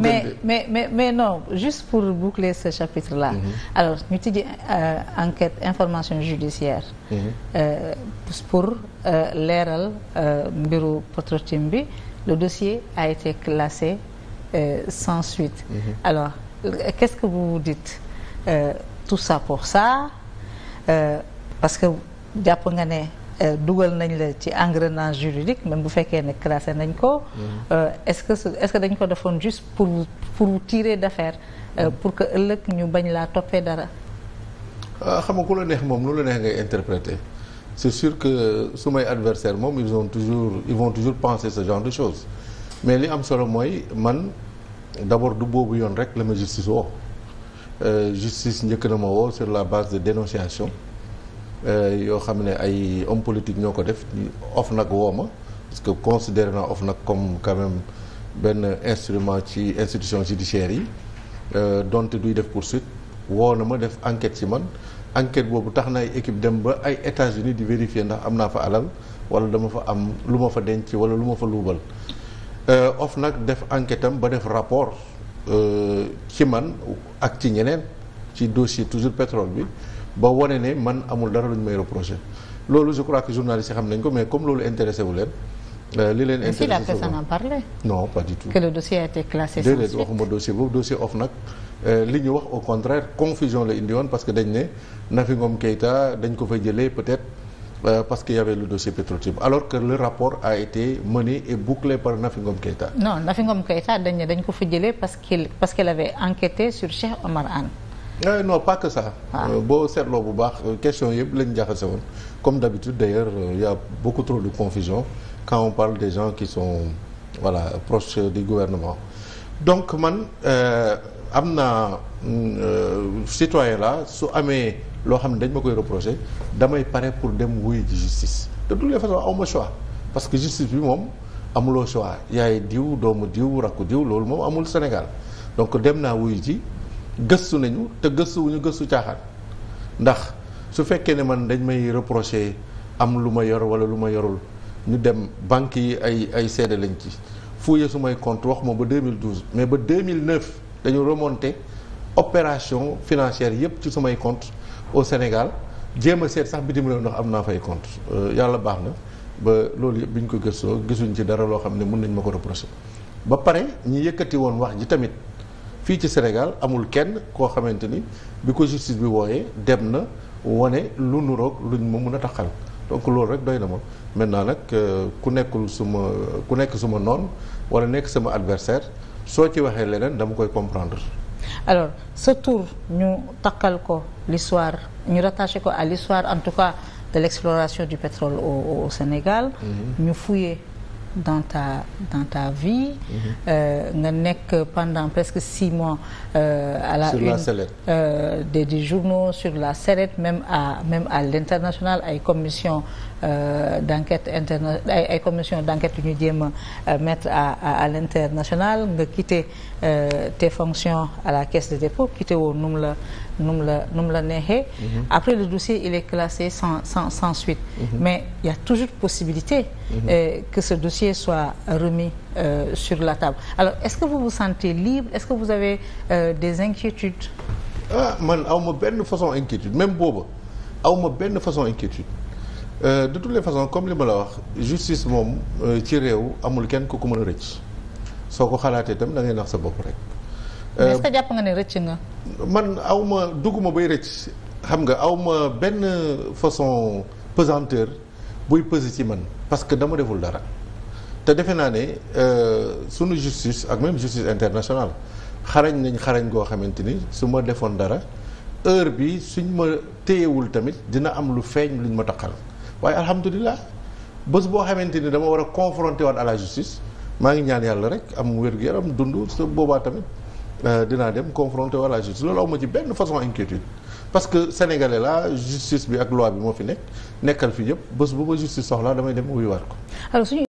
mais mais mais mais non juste pour boucler ce chapitre là. Mm -hmm. alors ñu tijji euh, enquête information judiciaire. Mm -hmm. euh, pour euh, leeral euh, mbiru Petrotim bi le dossier a été classé euh, sans suite. Mm -hmm. alors qu'est-ce que vous vous dites tout ça pour ça parce que jàpp nga ne. Euh, dugal nañ la ci engrenage juridique même bu fekkee ne classé nañ ko. Mm-hmm. Euh, est-ce que est-ce que dañ ko defoon juste pour pour tirer d'affaire euh, mm-hmm. pour que ëllëg ñu bañ laa toppee dara. Ah, xam nga ku la neex moom lu la neex ngay interpréter c'est sûr que su may adversaire moom ils ont toujours ils vont toujours penser ce genre de choses mais li am solo mooy man d'abord du boobu yoon rek la ma justice woo. justice njëkk na ma woo sur la base de dénonciation. Euh, yoo xam ne ay homme politique ñoo ko def of nag woo ma parce que considéré naa of nag comme quand même benn instrument ci institution judiciaire yi euh, donte duy def pour poursuite woo na ma def enquête ci man enquête boobu tax na ay équipe dem ba ay États-Unis di vérifier ndax am naa fa alal wala dama fa am lu ma fa denc wala lu ma fa luubal euh, of nag def enquête am ba def rapport ci man ak ci ñeneen ci dossier toujours pétrole bi ba wone ne man amul dara lu ñu may reproché loolu je crois que journalistes yi xam nañ ko mais comme loolu intéressé leen. Euh, li leen intéressé la personne en parlait. non pas du tout. le dossier a été classé sans suite déedéet waxuma dossier boobu dossier OFNAC nag euh, li ñu wax au contraire confusion la indi woon parce que dañ ne Nafi Ngom Keïta dañ ko fay jële peut-être euh, parce que y le dossier Petrotim alors que le rapport a été mené et bouclé par Nafi Ngom Keïta. non Nafi Ngom Keïta Eh non pas que ça. Ah. Euh, boo seetloo bu baax euh, question yëpp lañ jaxase woon comme d'habitude d'ailleurs il euh, y a beaucoup trop de confusion quand on parle des gens qui sont voilà proches du gouvernement donc man am na mm, citoyen la su amee loo xam ne dañ ma koy reprocher damay pare pour dem wuy ji justice de toutes les façons awma choix parce que justice bi moom amuloo choix yaay diw doomu diw rakku diw loolu moom amul Sénégal donc dem naa wuy ji gëstu nañu te gëstuwuñu gëstu caaxaan ndax su fekkee ne man dañ may reprocher am lu ma yor wala lu ma yorul ñu dem banque yi ay ay seede lañ ci fouillé sumay may compte wax ma ba 2012 mais ba 2009 dañu remonté opération financière yépp ci sumay compte au Sénégal jéem a seet sax bitim réew ndax am naa fay compte euh, yàlla baax na ba loolu yëpp bi ñu ko gëstoo gisuñ ci dara loo xam ne mun nañ ma ko reprocher ba pare ñi yëkkati woon wax ji tamit fii ci Sénégal amul kenn koo xamante ni bi ko justice bi wooyee dem na wane lu nuroog lu ma mun a taxal donc loolu rek doy na ma maintenant nag euh, ku nekkul suma ku nekk suma noon wala nekk sama adversaire soo ci waxee leneen dama koy comprendre alors ce tour ñu takkal ko l'histoire ñu rattaché ko à l'histoire en tout cas de l'exploration du pétrole au, au Sénégal mhm. ñu mm dans ta dans ta vie. Mhm. Euh, nga nekk pendant presque six mois. Euh, à la sur une la euh, des des journaux sur la sellette même à même à l'international ay commission d'enquête interna ay ay commission d'enquête yu ñu jéem a mettre à à, à l'international nga quitté te fonctions à la caisse de dépôt quitté woon nu mu la nu la nu mu la neexee. Mhm. après le dossier il est classé sans sans sans suite. Mhm. mais il y toujours possibilité. que ce dossier dossier soit remis euh, sur la table alors est-ce que vous vous sentez libre est-ce que vous avez euh, des inquiétudes ah man awma benn façon inquiétude même booba awma benn façon inquiétude euh, de toutes les façons comme li ma la wax justice moom euh, ci réew amul kenn ku ko mën a rëcc soo ko xalaatee itam da ngay nax sa bopp rek euh, est-ce jàpp nga ne rëcc nga man awma ma bay rëcc xam nga awma benn façon pesanteur buy peser ci man parce que dama deful dara te defe naa ne euh, sunu justice ak même justice internationale xarañ nañ xarañ goo xamante ni su ma defoon dara heure bi suñ ma téyewul tamit dina am lu feeñ luñ ma taqal waaye alhamdulilah bés boo xamante ni dama war a confronter waat à la justice maa ngi ñaan yàlla rek am wér-gu-yaram dund su boobaa tamit euh, dinaa dem confronté waat à la justice loolu awma ci benn façon inquiétude parce que sénégalais la justice bi ak loi bi moo fi nekk nekkal fi yëpp bés bu ma justice damay dem wuyu ko